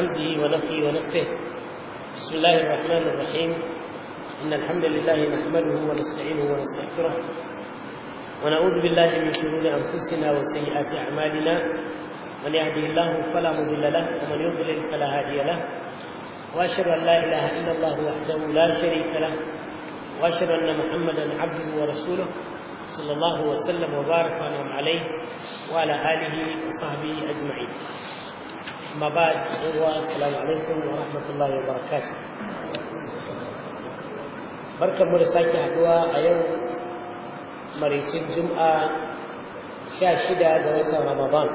بحمده ونفي ونفه بسم الله الرحمن الرحيم إن الحمد لله نحمده ونستعينه ونستغفره ونعوذ بالله من شرور أنفسنا وسيئات أعمالنا من يهده الله فلا مضل له ومن يضلل فلا هادي له وأشهد أن لا إله إلا الله وحده لا شريك له وأشهد أن محمدا عبده ورسوله صلى الله وسلم وبارك وانعم عليه وعلى آله وصحبه أجمعين ما بعد السلام عليكم ورحمة الله وبركاته barkan mu da sake haduwa a yau maraicin juma'a 16 ga watan ramadan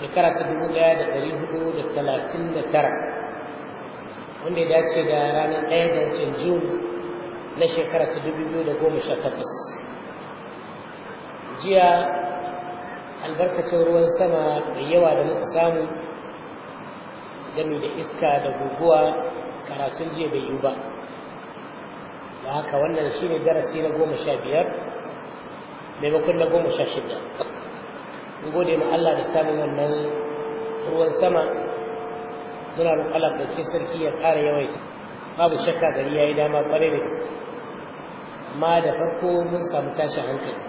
shekara ta 1439 wanda ya dace da ranar 1 ga watan na shekara ta 2018 jiya albarkacin ruwan sama mai yawa da muka samu gami da iska da guguwa karatun jiya bai yiwu ba da haka wannan shi ne darasi na goma sha biyar maimakon na goma sha shida in gode ma Allah da samun wannan ruwan sama muna roƙalar da ke sarki ya ƙara yawaita babu shakka gari ya yi dama ƙwarai da amma da farko mun samu tashin hankali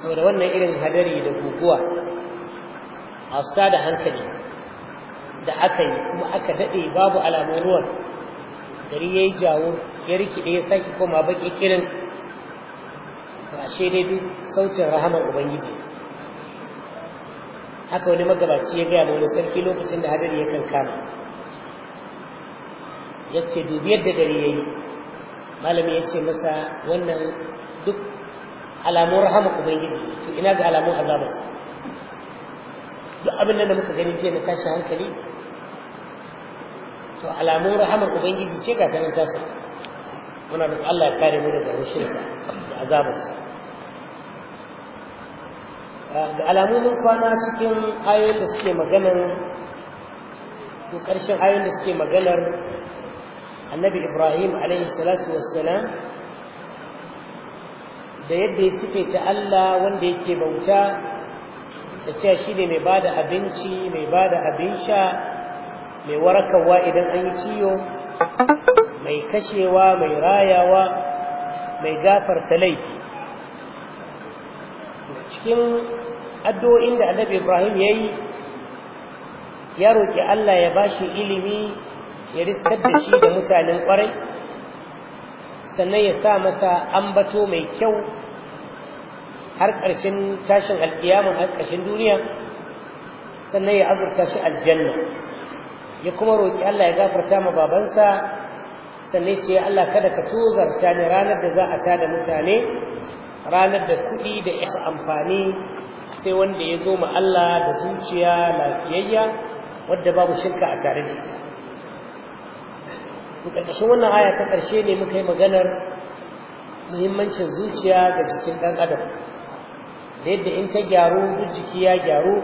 saboda wannan irin hadari da guguwa a su da hankali da aka yi kuma aka daɗe babu alamun ruwan gari ya yi jawo ya rikide ya sake koma baki kirin ba shi dai duk sautin rahamar ubangiji haka wani magabaci ya gaya wani sarki lokacin da hadari ya kankama ya ce dubiyar da gari ya yi malami ya ce masa wannan duk alamun rahama ubangiji to ina ga alamun azabarsa duk abin da muka gani jiya na tashi hankali to alamun rahamar ubangiji ce ga ganin tasa muna da Allah ya kare mu daga sa da azabarsa ah, ga alamomin kwana cikin ayoyin da suke maganar ko ƙarshen ayoyin da suke maganar annabi ibrahim alayhi salatu wassalam da yadda ya sifaita Allah wanda yake bauta da cewa shi ne mai ba da abinci mai ba da abin sha mai warakawa idan an yi ciwo mai kashewa mai rayawa mai gafarta laifi cikin addu'o'in da annabi ibrahim ya yi ya roƙi allah ya ba shi ilimi ya riskar da shi da mutanen ƙwarai sannan ya sa masa ambato mai kyau har ƙarshen tashin alƙiyamun har ƙarshen duniya sannan ya azurta shi aljanna ya kuma roƙi Allah ya gafarta ma babansa sannan ce ya Allah kada ka tozarta ne ranar da za a ta da mutane ranar da kuɗi da isa amfani sai wanda ya zo ma Allah da zuciya lafiyayya wadda babu shirka a tare da ita to ƙarƙashin wannan aya ta ƙarshe ne muka yi maganar muhimmancin zuciya ga jikin ɗan adam da yadda in ta gyaru duk jiki ya gyaru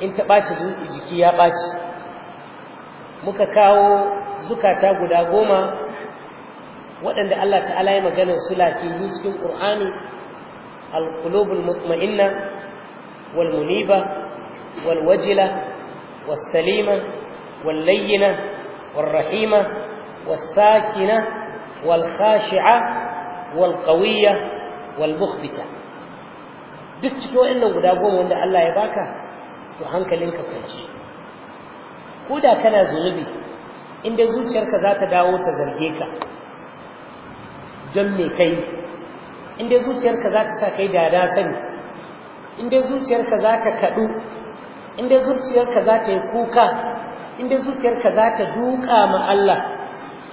in ta ɓaci jiki ya ɓaci muka kawo zukata guda goma waɗanda Allah ta'ala ya maganar su lafiyu cikin ƙur'ani alƙulobul mutma'inna wal muniba wal wajila wal salima wal rahima والساكنة والخاشعة والقوية والمخبتة duk cikin wa'annan guda goma wanda Allah ya baka to hankalinka kwance ko da kana zunubi inda zuciyarka za ta dawo ta zarge ka don me kai inda zuciyarka za ta sa kai da na sani inda zuciyarka za ta kaɗu inda zuciyarka za ta yi kuka inda zuciyarka za ta duka ma Allah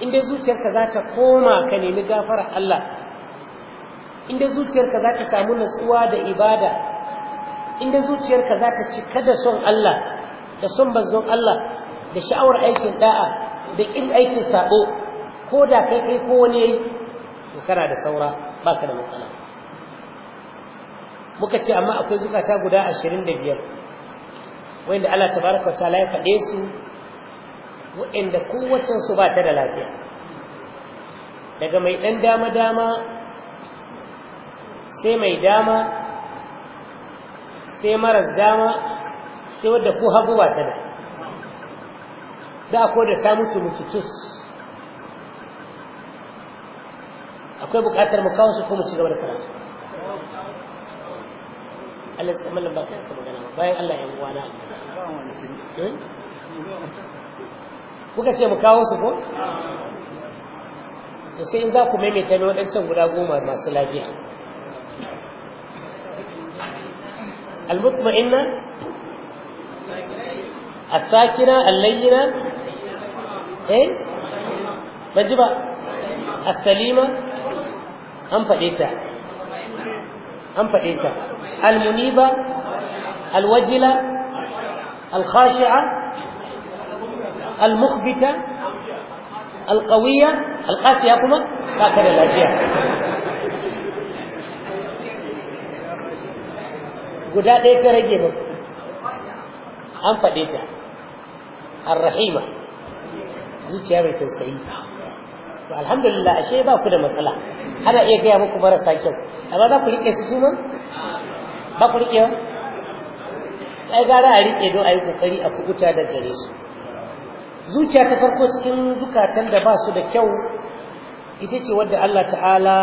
in dai zuciyarka za ta koma ka nemi gafara Allah in dai zuciyarka za ta samu natsuwa da ibada in zuciyarka za ta cika da son Allah da son bazzon Allah da sha'awar aikin da'a da kin aikin sabo ko da kai kai ko wani yayi to kana da saura baka da matsala muka ce amma akwai zukata guda ashirin da 25 wanda Allah tabaraka wa ta'ala ya faɗe su waɗanda su ba ta da lafiya daga mai ɗan dama-dama sai mai dama sai maras dama sai wadda ko hagu ba ta da da ko da ta mutu tus akwai bukatar mu kawo su ko mu ci gaba da karatu Allah ya tsammanin ba ka magana bayan Allah ya uwana hmm? Allah kuka ce mu kawo su ko to sai in za ku maimaita ne waɗancan guda goma masu lafiya al-mutma'inna A sakina al-layyina eh ban ji ba A salima an faɗe ta an faɗe ta al-muniba al-wajila al-khashi'a al-mukhbita al-qawiyya kuma ba ka da lafiya guda ɗaya ka rage ba an faɗe ta ar-rahima zuciya mai tausayi to alhamdulillah ashe ba ku da matsala ana iya gaya maku marasa kyau amma za ku riƙe su suma ba ku riƙe ai gara a riƙe don a yi ƙoƙari a kubuta da gare su zuciya ta farko cikin zukatan da ba su da kyau ita ce wadda Allah ta'ala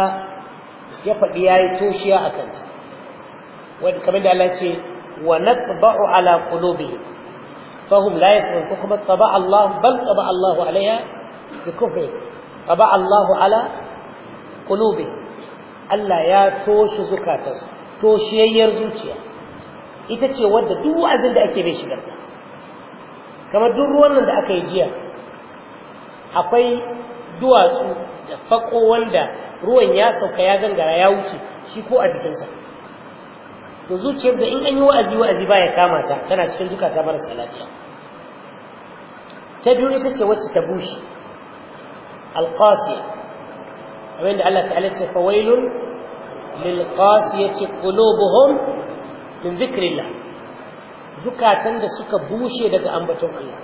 ya faɗi ya yi toshiya a kanta wadda kamar da Allah ce wa na natba'u ala qulubihim fahum la yasma'un ko kuma taba Allah bal taba Allahu alaiha bi kufri taba Allahu ala qulubihim Allah ya toshe zukatansu toshiyayyar zuciya ita ce wadda duk wa'azin da ake bai shigar ta kamar duk ruwan nan da aka yi jiya akwai duwatsu da fako wanda ruwan ya sauka ya gangara ya wuce shi ko a jikinsa to zuciyar da in an yi wa'azi wa'azi baya kama ta tana cikin zukata marasa lafiya ta biyu ita ce wacce ta bushe alqasiya abinda Allah ta'ala ce fawailun lil qasiyati qulubuhum min dhikrillah zukatan da suka bushe daga ambaton Allah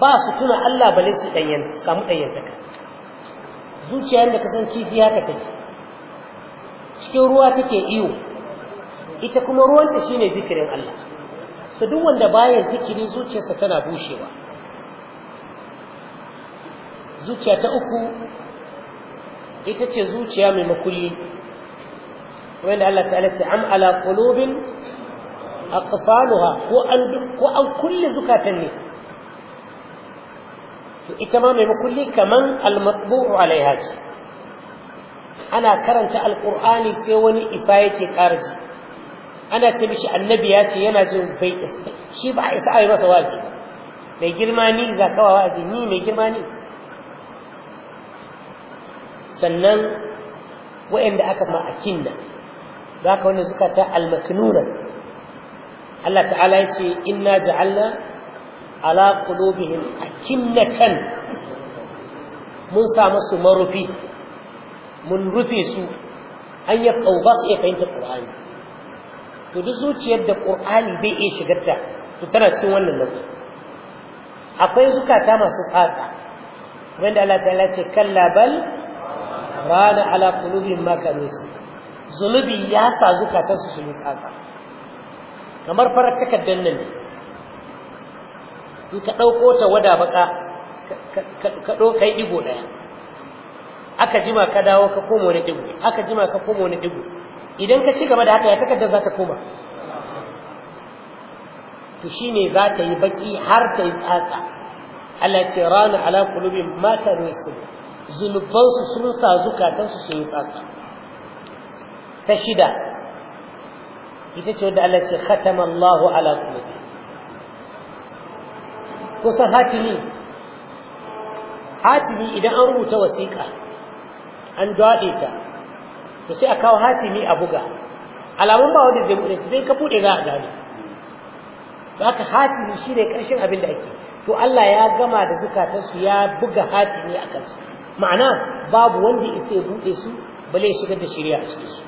ba su tuna Allah bale su danyen samu danyen zaka zuciyar da ka san kifi haka take cikin ruwa take iyo ita kuma ruwanta shine zikirin Allah su duk wanda baya zikiri zuciyarsa tana bushewa zuciya ta uku ita ce zuciya mai makulli wanda Allah ta'ala ce am ala qulubin aqfaluha ko an ko an kulle zukatan ne to ita ma mai makulli kaman al-matbu'u alaiha ana karanta alqur'ani sai wani isa yake karji ana ce mishi annabi ya ce yana jin bai shi ba isa ai masa wazi mai girma ni zakawa wazi ni mai girma ni sannan wa'anda aka ma akinna zaka wannan zukata al Allah ta'ala ya ce inna ja'alna ala qulubihim akinnatan mun sa musu marufi mun rufe su an ya kauba su ya fahimta qur'ani to duk zuciyar da qur'ani bai iya shigarta to tana cikin wannan nau'i akwai zukata masu tsatsa wanda Allah ta'ala ce kalla bal rana ala qulubihim ma kanu zunubi ya sa zukatansu su yi tsatsa kamar farar takardar nan ne in ka ɗauko ta wada baka ka ɗo kai ɗigo ɗaya aka jima ka dawo ka koma wani ɗigo aka jima ka koma wani ɗigo idan ka ci gaba da haka ya takardar za ta koma to ne za ta yi baki har ta yi tsatsa Allah ce rana ala matar wasu tarwisu zunubansu sun sa zukatansu su yi tsatsa ta shida ita ce wadda Allah ce Allahu ala qulubi kusan hatimi hatimi idan an rubuta wasiƙa an dade ta to sai a kawo hatimi a buga alamun ba wanda zai bude sai ka bude za a gane haka hatimi shine karshen abin da ake to Allah ya gama da zukatansu ya buga hatimi a kansu ma'ana babu wanda ya sai bude su bale shigar da shirya a cikin su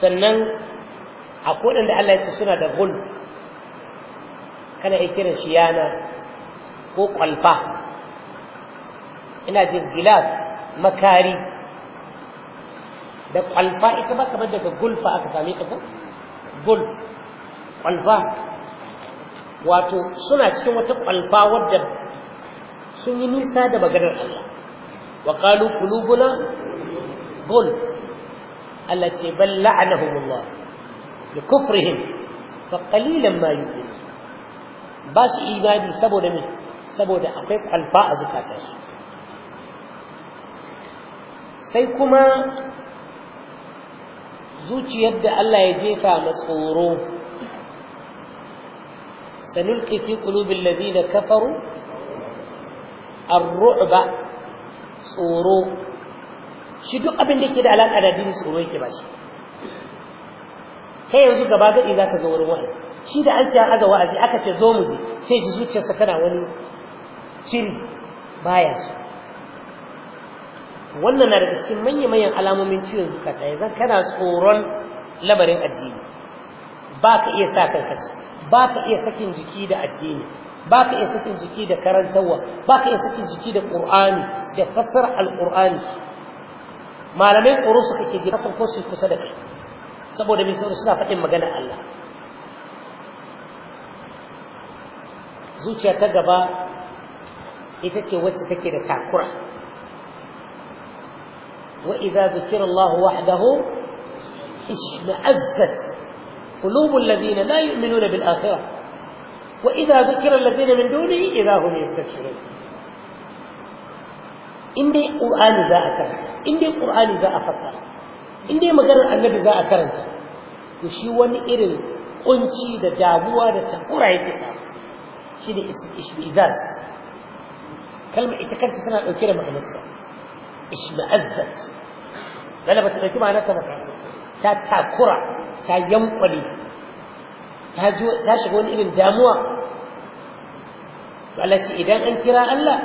sannan kodin da Allah ya ce suna da gulf kana iya kiran shi yana ko kwalfa ina jin gilas makari da kwalfa ita ba kamar daga gulfa aka same ta ko gulf kwalfa wato suna cikin wata kwalfa wadda sun yi nisa da maganar Allah wa qalu qulubuna gulf Allah ce bal la'anahumullah bi kufrihim fa qalilan ma yu'min ba su imani saboda me saboda akwai kwalba a zukatansu sai kuma zuciyar da Allah ya jefa ma tsoro sanulqi fi qulubil ladina kafaru ar-ru'ba tsoro shi duk abin da yake da alaka da addini tsoro yake ba shi kai yanzu gaba gadi za ka zo wurin wa'azi shi da an ce an aga wa'azi aka ce zo mu je sai ji zuciyarsa kana wani shiri baya su wannan na daga cikin manya-manyan alamomin ciwon zukata yanzu kana tsoron labarin addini ba ka iya sa kanka ci ba ka iya sakin jiki da addini ba ka iya sakin jiki da karantarwa ba ka iya sakin jiki da ƙur'ani da fassar alƙur'ani malamai tsoro suka ke ji kasan ko su kusa da kai saboda mai tsoro suna faɗin magana Allah zuciya ta gaba ita ce wacce take da takura wa idza dhukira Allah wahdahu ishma'azzat qulubul ladina la yu'minuna bil akhirah wa idza dhukira alladhina min dunihi idza hum yastaghfirun in dai qur'ani za a karanta in dai qur'ani za a fassara in dai maganar annabi za a karanta to shi wani irin kunci da damuwa da takura yake sa shi ne ishbizaz kalma ita kanta tana dauke da ma'anarta ishma'azzat lalla ba ta dauki ma'anarta ba ta takura ta yankwale ta shiga wani irin damuwa Allah ce idan an kira Allah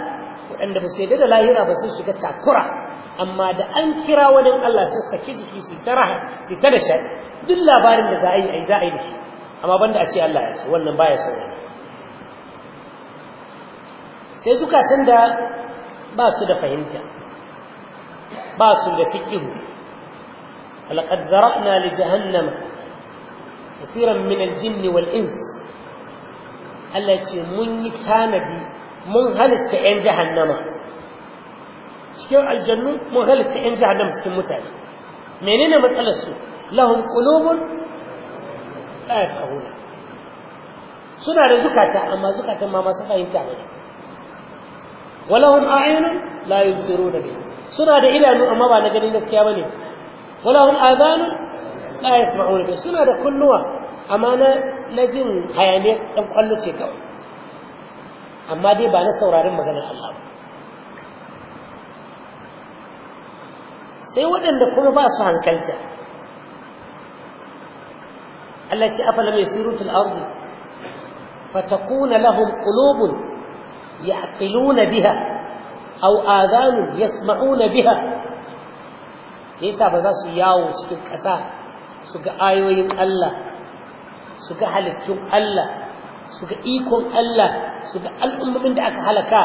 waɗanda ba su yarda da lahira ba su shiga takura amma da an kira wani Allah sai saki jiki su ta raha su ta da shi duk labarin da za a yi yi za a yi da shi amma banda a ce Allah ya ce wannan baya saurari sai zukatan da ba su da fahimta ba su da fikihu laqad zara'na li jahannama kaseeran min al-jinni wal-ins Allah ce mun yi tanadi mun halitta 'yan jahannama cikin aljannu mun halitta 'yan jahannama cikin mutane menene matsalar su lahum qulubun la yafqahuna suna da zukata amma zukatan ma masu fahimta ba ne walahum a'yunun la da bi suna da idanu amma ba na ganin gaskiya ba ne. walahum adhanun la yasma'una bi suna da kunnuwa amma na jin hayaniyar dan kwallo ce kawai amma dai ba na saurarin maganar Allah sai waɗanda kuma ba su hankalta Allah ce afala mai sirutun arzi fatakuna lahum qulubun yaqiluna biha aw adhanun yasma'una biha yasa ba za su yawo cikin ƙasa su ga ayoyin Allah su ga halittun Allah su ga ikon Allah su ga al'ummomin da aka halaka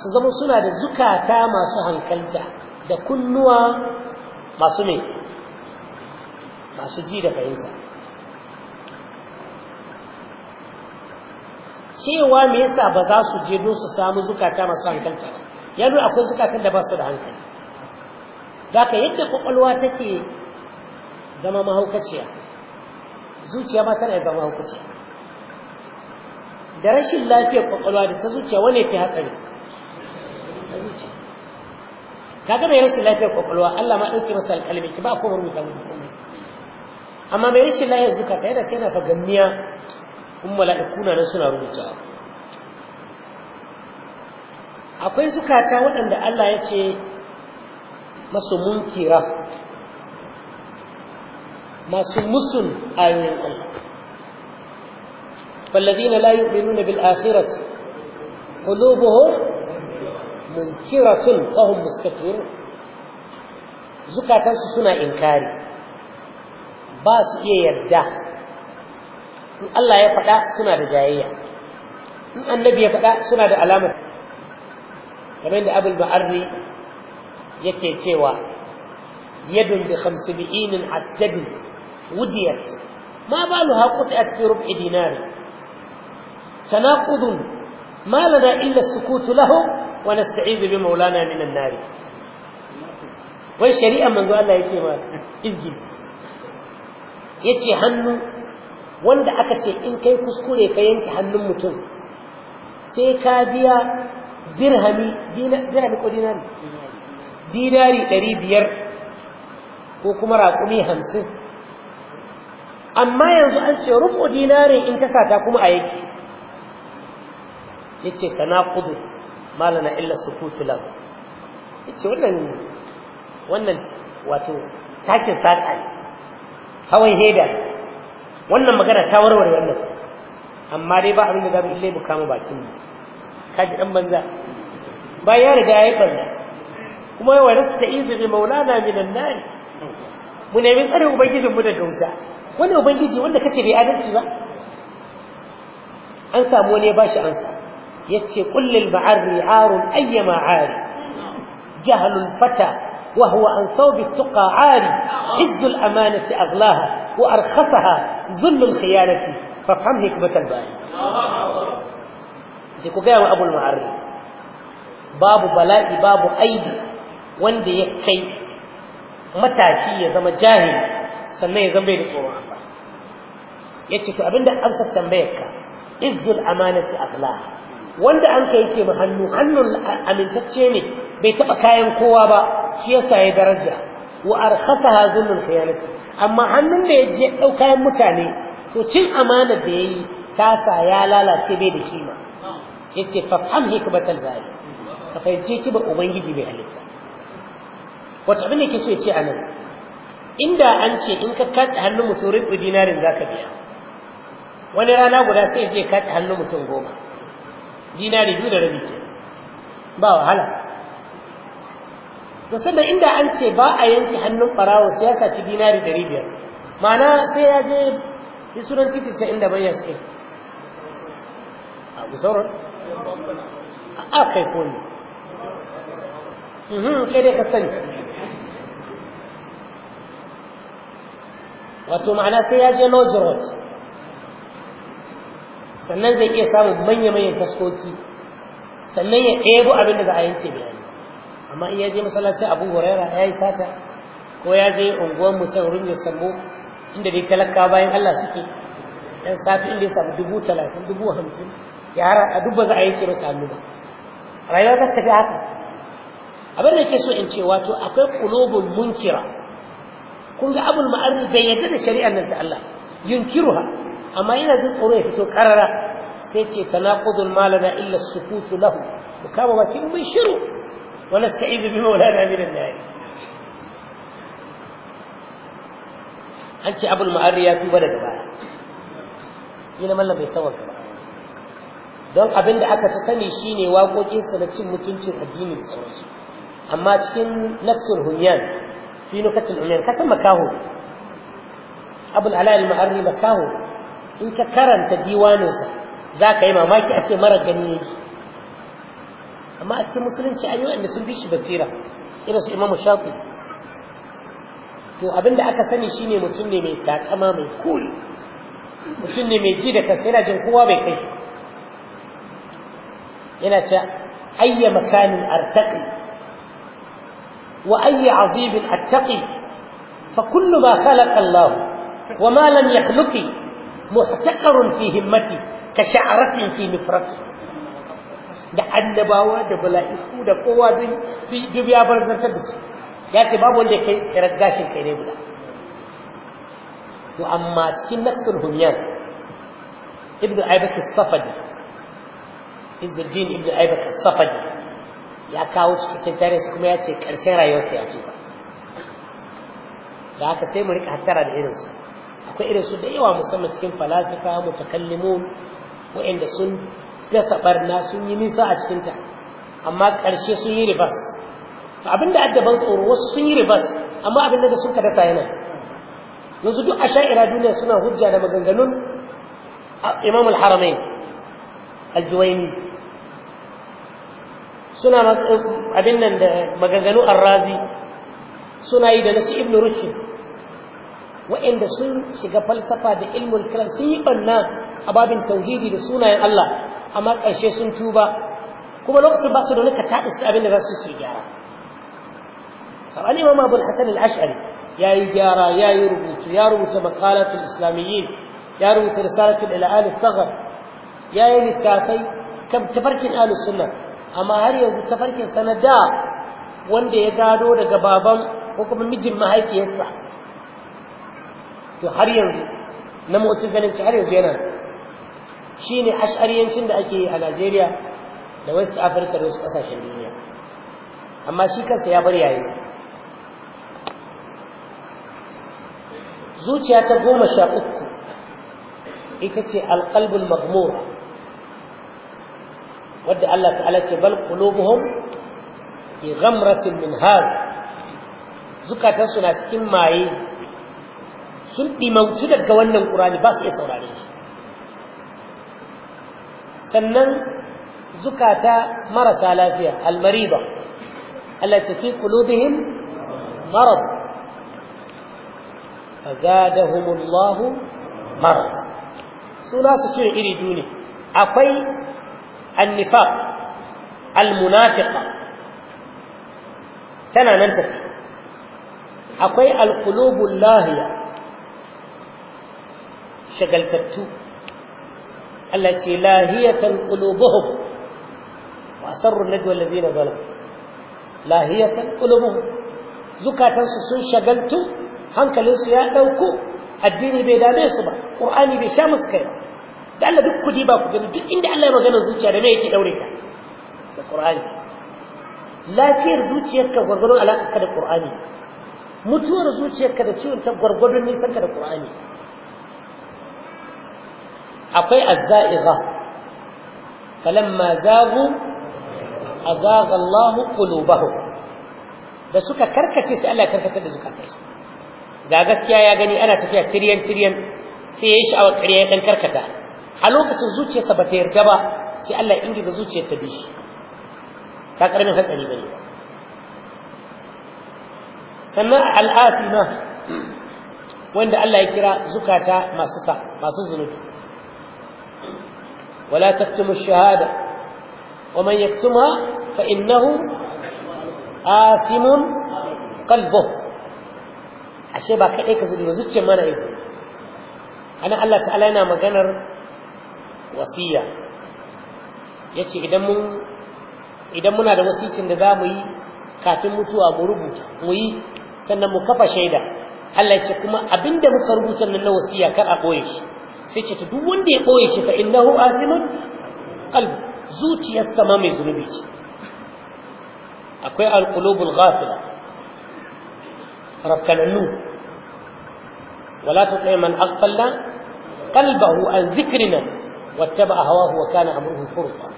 su zama suna da zukata masu hankalta da kunnuwa masu ne masu ji da fahimta cewa me yasa ba za su je don su samu zukata masu hankalta ba ya nuna akwai zukatan da ba su da hankali ka yadda kwakwalwa take zama mahaukaciya zuciya ma tana zama mahaukaciya da rashin lafiyar kwakwalwa da ta zuciya wane ke hatsari kaga mai rashin lafiyar kwakwalwa Allah ma ɗauke masa alƙalmi ki ba ko rubuta su kuma amma mai rashin lafiyar zukata yana ce yana fagamniya kun mala'ikuna nan suna rubuta akwai zukata waɗanda Allah ya ce masu munkira masu musun ayoyin Allah فالذين لا يؤمنون بالآخرة قلوبهم منكرة وهم مستكبرون zukatansu suna inkari ba su iya yarda in Allah ya faɗa suna da jayayya in annabi ya faɗa suna da alamar kamar da abul ba'arri yake cewa yadun bi khamsibi'inin wudiyat ma balu haqut'at fi rub'i dinari تناقض ما لنا إلا السكوت له ونستعيذ بمولانا من النار wai shari'a manzo Allah yake ma izgi yace hannu wanda aka ce in kai kuskure ka yanke hannun mutum sai ka biya dirhami ko dinari dinari ɗari biyar ko kuma raƙumi hamsin amma yanzu an ce rubu dinarin in ta sata kuma a yake yace tanaqudu malana illa sukutu lam yace wannan wannan wato takin saka ne hawan heda wannan magana ta warware wannan amma dai ba abin da zamu illai mu kama bakin mu kaji dan banza ba ya riga yayi banza kuma wa rasta izi bi maulana minan nar mu nemi tsare ubangijin mu daga wuta wani ubangiji wanda kace bai adalci ba an samu wani ya bashi ansa yace kullil ba'ar ri'arun ayyama 'ari jahlul fata an وهو عن ثوب التقى عاري عز الأمانة أغلاها وأرخصها ذل الخيانة فافهم حكمة الباري ku gaya wa abul ma'arri babu bala'i babu aibi wanda ya kai matashi ya zama jahili sannan ya zama bai da tsoron Allah ya ce to abinda amsar tambayar ka izzul amanati aghlaha wanda an yake ce hannu hannun amintacce ne bai taba kayan kowa ba shi yasa ya daraja wa arkhasaha zulmul khiyanati amma hannun da ya je kayan mutane to cin amana da yayi tasa ya lalace bai da kima yace fa fam hikmatal bari ka fahimci kiba ubangiji bai halitta wato abin da ke so ya ce anan inda an ce in ka kace hannun mutum rubu dinarin zaka biya wani rana guda sai ya je kace hannun mutum goma dinari biyu da rabi ke ba wahala to sannan inda an ce ba a yanke hannun barawo sai ya saci dinari ɗari biyar ma'ana sai ya je yi sunan titi ce inda bai suke a gusauran a kai koyi mhm, kai dai ka sani wato ma'ana sai ya je lodge road sannan zai iya samun manya-manyan taskoki sannan ya ɗebo abin da za a yanke bayani amma in ya je masallacin abu huraira ya yi sata ko ya je unguwan mutum runyar sambo inda dai talaka bayan allah suke ɗan sati inda ya samu dubu talatin dubu hamsin yara a duk ba za a yanke masa hannu ba rayuwa ta tafi haka abin da ke so in ce wato akwai kulobin munkira kun ga abul ma'arri bai yarda da shari'ar nan ta allah yunkiruha amma yana jin tsoro ya fito karara sai ce tanaqudul malana illa sukutu lahu da kama bakin mai shiru wa nasta'idu bi maulana min an-nar an ce abul ma'ari ya tuba daga baya yana mallam bai sawar ba don abin da aka ta sani shine waƙoƙinsa na cin mutuncin addinin sauransu amma cikin nafsul hunyan fi nukatul hunyan kasan makaho abul alal ma'arri makaho in ka karanta diwaninsa za ka yi mamaki a ce mara gani yi. amma a cikin musulunci an yi sun bi shi basira irin su imamu shafi to abinda aka sani shine mutum ne mai takama mai kuri mutum ne mai ji da kansa yana jin kowa bai kai yana ta ayya makanin artaƙi, wa ayya azibin attaqi fa kullu ma khalaqa Allah wa ma lam yakhluqi muhtakarun fi himmati ka sha'aratin fi nufrati da annabawa da bala'iku da kowa duk ya barzantar da su ya ce babu wanda ya kai tsirar gashin kai ne guda to amma cikin nafsul humyan ibnu aibak safadi izzuddin Ibn aibak safadi ya kawo cikakken tarihi kuma ya ce karshen rayuwarsa ya ce da haka sai mu rika hattara da irinsu akwai irin su da yawa musamman cikin falasifa mutakallimun waɗanda sun dasa barna sun yi nisa a cikinta amma ƙarshe sun yi ribas abin da addaban tsoro wasu sun yi ribas amma abin da sun ka dasa yana yanzu duk a sha'ira duniya suna hujja da maganganun imam al haramai al-juwaini suna eh, abin nan da maganganun arrazi suna yi da nasu ibn rushd waɗanda sun shiga falsafa da ilmul kalam sun yi banna a babin tauhidi da sunayen Allah amma ƙarshe sun tuba kuma lokacin ba su da nika taɗa isa abin da za su yi gyara sabani ma abul hasan al-ash'ari yayi gyara yayi rubutu ya rubuta maqalatul islamiyyin ya rubuta risalatul ilal al ya yi littafai tafarkin ahlus sunna amma har yanzu tafarkin sanada wanda ya gado daga baban ko kuma mijin mahaifiyarsa to har yanzu na motsin ganin ci har yanzu yana shine ash'ariyancin da ake yi a Najeriya da wasu Africa da wasu kasashen duniya amma shi kansa ya bar yayi zuciya ta goma sha uku ita ce alƙalbul magmur wadda Allah ta'ala ce bal qulubuhum fi ghamratin min hal zukatansu na cikin maye sun ɗimautu daga wannan ƙurani ba su iya saurare shi sannan zukata marasa lafiya almariba Allah ce fi qulubihim marad fazadahumullahu marar. su na su cire iri duni akwai annifaq almunafiqa tana nan take akwai alqulubul lahiya shagaltattu Allah ce lahiyatan qulubuhum wa sarru najwa alladhina zalamu lahiyatan qulubuhum zukatansu sun shagaltu su ya dauko addini bai dame su ba qur'ani bai sha musu kai ba da Allah duk kudi ba ku gani duk inda Allah ya magana zuciya da me yake daure ta da qur'ani lafiyar zuciyarka gwargwadon alaƙarka da qur'ani mutuwar zuciyarka da ciwon ta gwargwadon nisan ka da qur'ani akwai azza'iga falamma zagu azaga Allahu qulubahum da suka karkace sai Allah ya karkatar da zukatansu ga gaskiya ya gani ana tafiya tiryan tiryan sai ya yi sha'awar ƙarya ya ɗan karkata a lokacin zuciyarsa ba ta yarda ba sai Allah ingiza zuciyar ta bishi. shi ta ƙaramin hatsari ba ne sannan al'afi ma wanda Allah ya kira zukata masu sa masu zunubi ولا تكتموا الشهادة ومن يكتمها فإنه آثم قلبه ashe ba kaɗai ka zuwa zuciyar mana izu ana Allah ta'ala yana maganar wasiya ya ce idan muna da wasicin da za mu yi kafin mutuwa mu rubuta mu yi sannan mu kafa shaida Allah ya ce kuma abinda muka rubuta nan na wasiya kar a ɓoye shi sai ce ta duk wanda ya ɓoye shi fa innahu asimun qalbu zuciyarsa ma mai zunubi ce akwai alqulubul ghafila rakkalannu wala tuti man aghfalna qalbahu an zikrina wattaba hawahu wa kana amruhu furta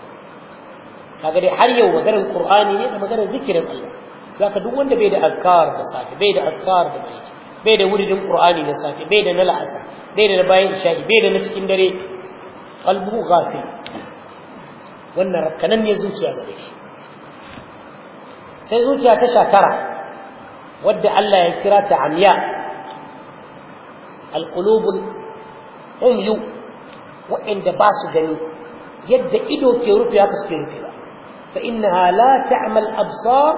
kaga dai har yau maganar qur'ani ne da maganar zikirin Allah zaka duk wanda bai da azkar da safi bai da azkar da bai bai da wuridin qur'ani na safi bai da na la'asar بين الباين شاي بيد نسكين دري قلبه غافل وان ربكن يزوج يا غريب سي زوجها تشاكرا ود الله يكرات عمياء القلوب العمي وان دباس غني يد ايدو كي رفيا تسكين دري فانها لا تعمل الابصار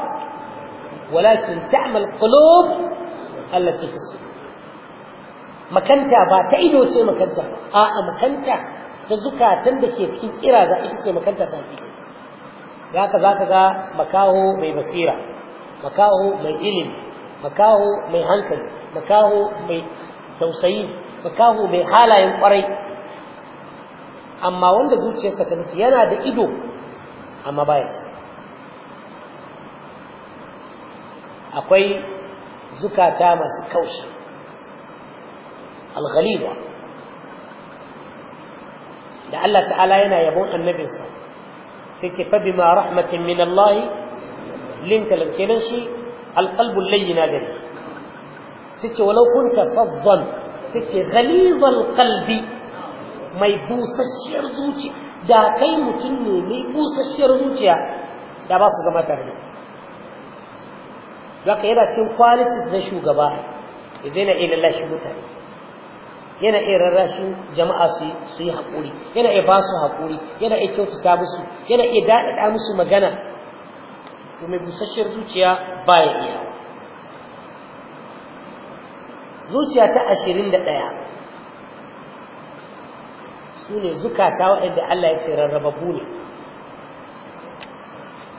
ولكن تعمل القلوب التي في السنة. makanta ba ta ido ce makanta a'a makanta ta zukatan da ke cikin kiraza ita ce makanta ta ke ya ka za ka ga makaho mai basira makaho mai ilimi makaho mai hankali makaho mai tausayi makaho mai halayen kwarai amma wanda zuciyarsa ta mutu yana da ido amma baya akwai zukata masu kaushi al da Allah ta'ala yana yabon annabinsa sai ce fa bima rahmatin min Allah linka kenan shi al-qalbu layyina gari sai ce walau kunta faddan sai ce ghaliza kalbi mai busasshiyar zuciya da kai mutum ne mai busasshiyar zuciya da ba su zama tare da ka yana cikin qualities na shugaba zai na ilallah shi mutane yana iya rarrashi jama'a su yi haƙuri yana iya ba su haƙuri yana iya kyautata musu yana iya daɗaɗa musu magana to mai busasshiyar zuciya ba ya iya zuciya ta ashirin da ɗaya su ne zukata waɗanda Allah ya ce rarrababu ne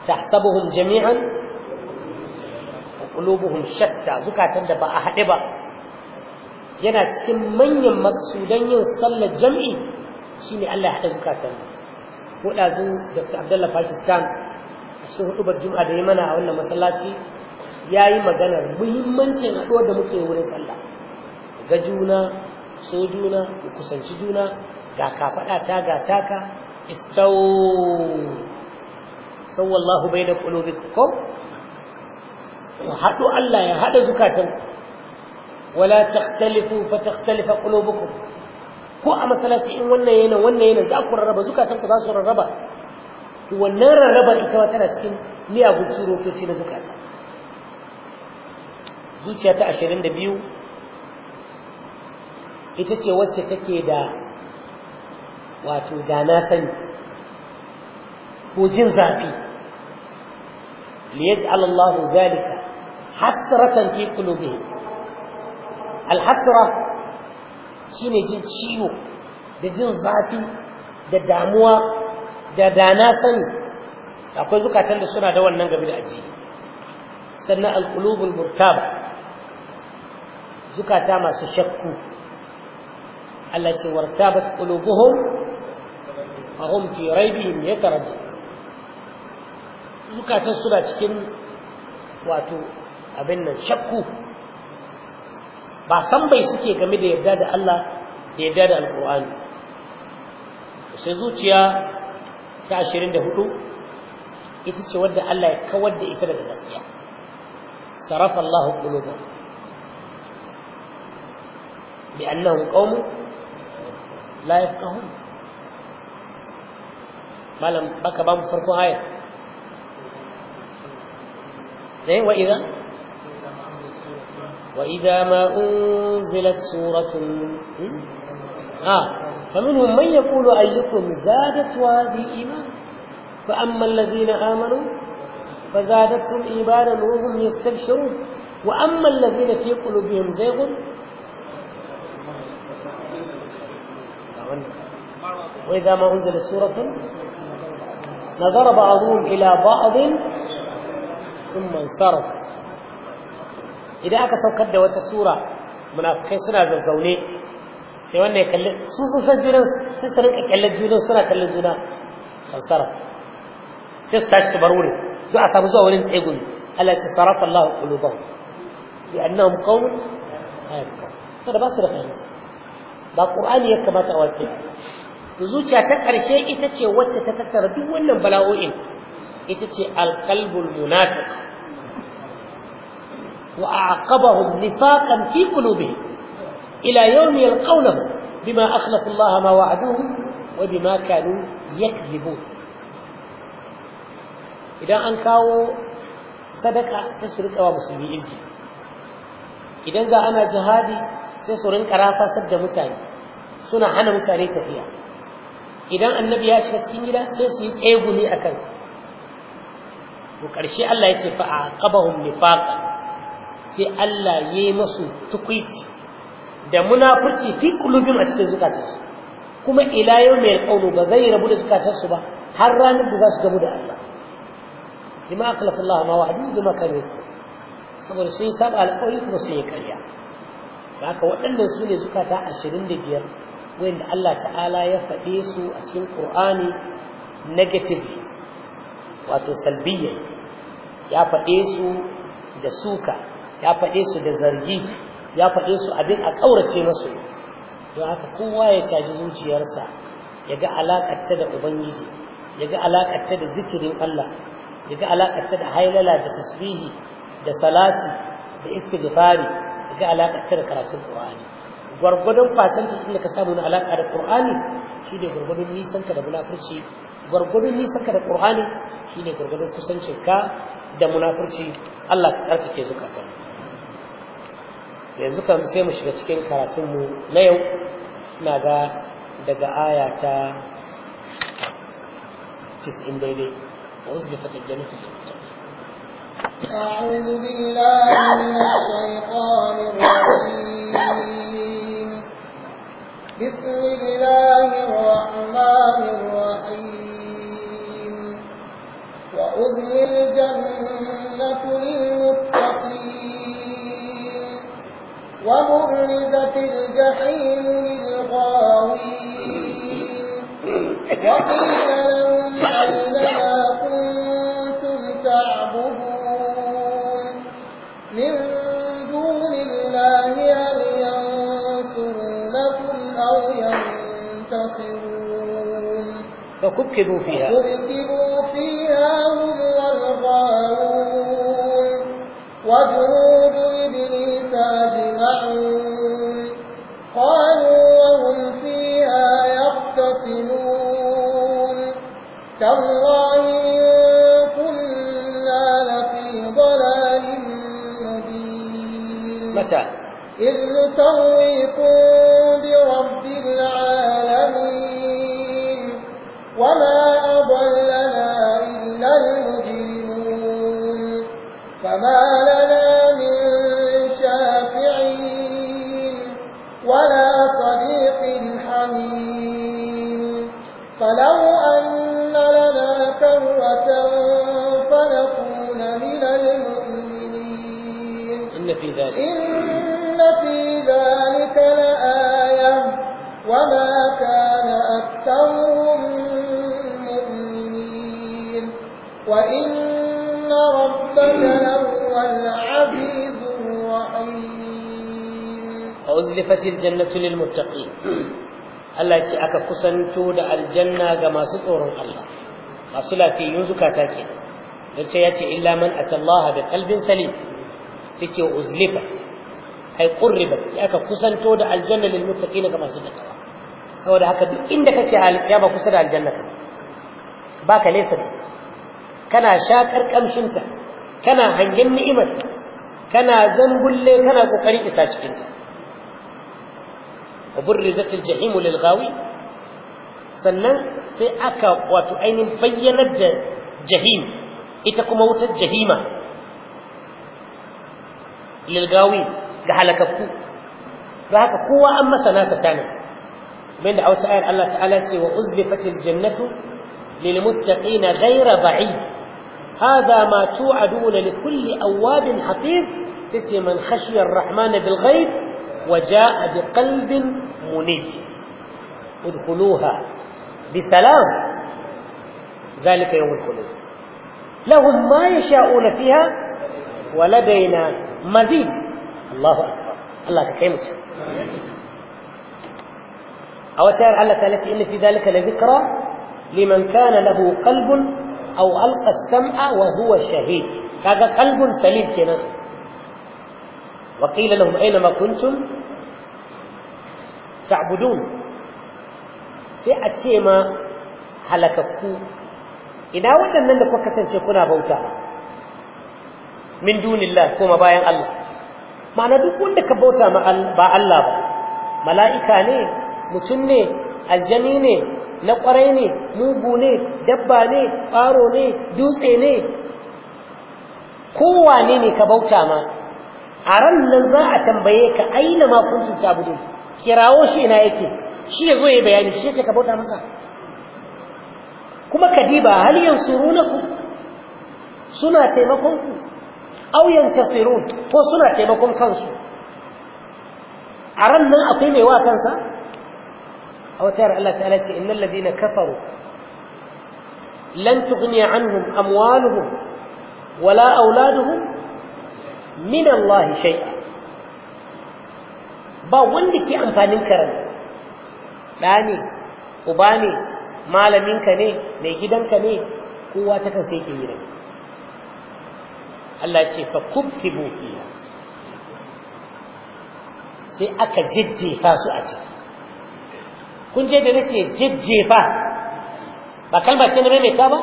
tahsabuhum jami'an wa qulubuhum shatta zukatan da ba a haɗe ba yana cikin manyan maksudan yin sallar jam'i shine Allah ya haɗa zukatan ko ɗazu Dr. Abdullah Pakistan a cikin hudubar Juma'a da ya mana a wannan masallaci ya yi maganar muhimmancin haɗuwar da muke wurin sallah ga juna so juna ku kusanci juna ga ka faɗa ta ga taka istawo sawallahu bai da haɗu Allah ya haɗa zukatan wala takhtalifu fatakhtalifa qulubukum ko a masallaci in wannan yana wannan yana za ku rarraba zukatan ku za su rarraba to wannan rarrabar ita ma tana cikin miyagun surutoci na zukata zuciya ta 22 ita ce wacce take da wato da na sani ko jin zafi liyaj'al Allahu zalika hasratan fi qulubihim alhasra shine jin ciwo da jin zafi da damuwa da dana sani akwai zukatan da suna da wannan game da addini sannan alqulubul murtaba zukata masu shakku Allah ce wartabat qulubuhum fa hum fi raibihim yatarabbu zukatan suna cikin wato abin nan shakku ba san bai suke game da yarda da Allah da yarda da alkur'ani sai zuciya ta 24 ita ce wadda Allah ya kawar da ita daga gaskiya sarafa Allah quluba bi annahum qawm la yafqahun malam baka ba farko aya eh wa idan وإذا ما أنزلت سورة آه فمنهم من يقول أيكم زادت هذه إيمان فأما الذين آمنوا فزادتهم إيمانا وهم يستبشرون وأما الذين في قلوبهم زيغ وإذا ما أنزلت سورة نظر بعضهم إلى بعض ثم انصرف idan aka saukar da wata sura munafikai suna zazzaune sai wannan ya kalli su sun san junan sai su rinka kallon junan suna kallon juna kan sarrafa sai su tashi su bar wurin don a samu zuwa wurin tsegumi Allah ce sarrafa Allah qulubahum bi annahum qaumun la yafqahun da ba su da fahimta ba qur'ani ya kamata a wace zuciya ta ƙarshe ita ce wacce ta tattara duk wannan bala'o'in ita ce alqalbul munafiq وأعقبهم نفاقا في قلوبهم إلى يوم يلقونه بما أخلفوا الله ما وعدوه وبما كانوا يكذبون إذا أنكاو صدقة سيسرق ومسلمي إزجي إذا إذا أنا جهادي سيسرق رافا سد متاني سنة حنا متاني تفيا إذا النبي ياشك تكين سيسي تيبني أكنت وكرشي الله يتفع قبهم نفاقا sai Allah ya yi masu tukwici da munafurci fi kulubin a cikin zukatarsu kuma ila mai kaunu ba zai rabu da zukatarsu ba har ranar da za su gamu da Allah lima akhlaqallahu ma wa'adu bima saboda sun yi saba alƙawari kuma sun yi karya haka waɗannan su ne zukata ashirin da biyar wanda Allah ta'ala ya faɗe su a cikin ƙur'ani negative wato salbiyya ya faɗe su da suka ya faɗe su da zargi ya faɗe su abin a ƙaurace masu don haka kowa ya caji zuciyarsa ya ga alaƙarta da ubangiji ya ga alaƙarta da zikirin Allah ya ga alaƙarta da hailala da tasbihi da salati da istighfari ya ga alaƙarta da karatun Qur'ani gwargwadon fasanta inda ka samu na alaƙa da Qur'ani ne gwargwadon nisan ka da munafurci gwargwadon nisan ka da Qur'ani ne gwargwadon kusancin ka da munafurci Allah ka karkake zukatan yanzu kan sai mu shiga cikin karatunmu na yau na ga daga aya ta 90 daidai a wasu jefa tajjani ta hajjata بسم الله الرحمن الرحيم وأذل الجنة للمتقين وبرزت الجحيم للغاوين وقيل لهم أين ما كنتم تعبدون من دون الله هل ينصرونكم أو ينتصرون فكبكبوا فيها فكبكبوا فيها هم والغاوون وجنود قالوا وهم فيها يختصمون تالله إن كنا لفي ضلال مبين متى إذ نسويكم برب العالمين وما أضلنا إلا المجرمون فما لنا في ذلك إن في لآية وما كان أكثرهم مؤمنين وإن ربك لهو العزيز الرحيم وأزلفت الجنة للمتقين Allah ce aka kusanto da aljanna ga masu tsoron Allah masu lafiyayyun zukata ke don ce ya ce illa man atallaha da kalbin salim sai ce uzlifat ai qurribat sai aka kusanto da aljanna lil muttaqina ga masu takawa saboda haka duk inda kake ya ba kusa da aljanna kake baka nesa da kana shakar kamshinta kana hangen ni'imarta kana zambulle kana kokarin isa cikin ta وبرزت الجحيم للغاوي sannan sai aka wato ainihin bayyanar da jahim ita kuma wutar jahima للغاوي لحلككو فهذا قوة أما سناسة تاني من دعوة سأل آية الله تعالى وأزلفت الجنة للمتقين غير بعيد هذا ما توعدون لكل أواب حفيظ ست من خشي الرحمن بالغيب وجاء بقلب منيب ادخلوها بسلام ذلك يوم الخلود لهم ما يشاءون فيها ولدينا mazid Allahu akbar ka kai mu can a wata yar Allah ta inna fi zalika la dhikra liman kana lahu qalbun aw alqa as wa huwa shahid kaga qalbun salim kenan wa aina ma sai a ce ma halakakku ina waɗannan da kuka kasance kuna bauta min dunillah kuma bayan Allah ma'ana duk wanda ka bauta ba Allah ba mala'ika ne mutum ne aljani ne na kwarai ne mugu ne dabba ne ƙwaro ne dutse ne kowane ne ka bauta ma a ran nan za a tambaye ka aina ma kuntum budu, kirawo shi ina yake shi ya zo ya bayani shi yake ka bauta masa kuma kadiba hal yansurunakum suna taimakon ku auyen tasirun ko suna taimakon kansu a ran nan akwai mai wa kansa a wata yara Allah ta'ala ce innal ladina kafaru lan tughni anhum amwaluhum wala auladuhum min Allah shay'a ba wanda ke amfanin karen ɗa ne uba ne malaminka ne mai gidanka ne kowa ta kan sai ke yi rai Allah ce fa kubtibu fiha sai aka jejjefa su a ciki kun je da nace jejjefa ba kalmar ta mai ka ba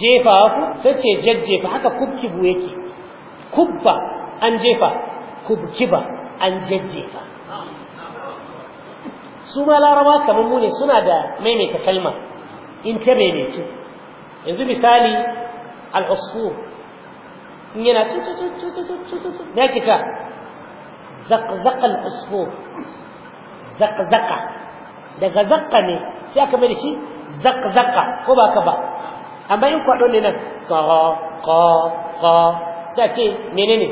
jefa ku sai ce jejjefa haka kubki kubtibu yake kubba an jefa kubki ba an jejjefa su ma laraba kamar mu ne suna da maimaita kalma in ta maimaitu yanzu misali al'usfur in yana da ke ta zakzakal usfur zakzaka daga zakka ne sai aka mai da shi zakzaka ko ba ka ba amma yin kwado ne nan ka ka ka da ce menene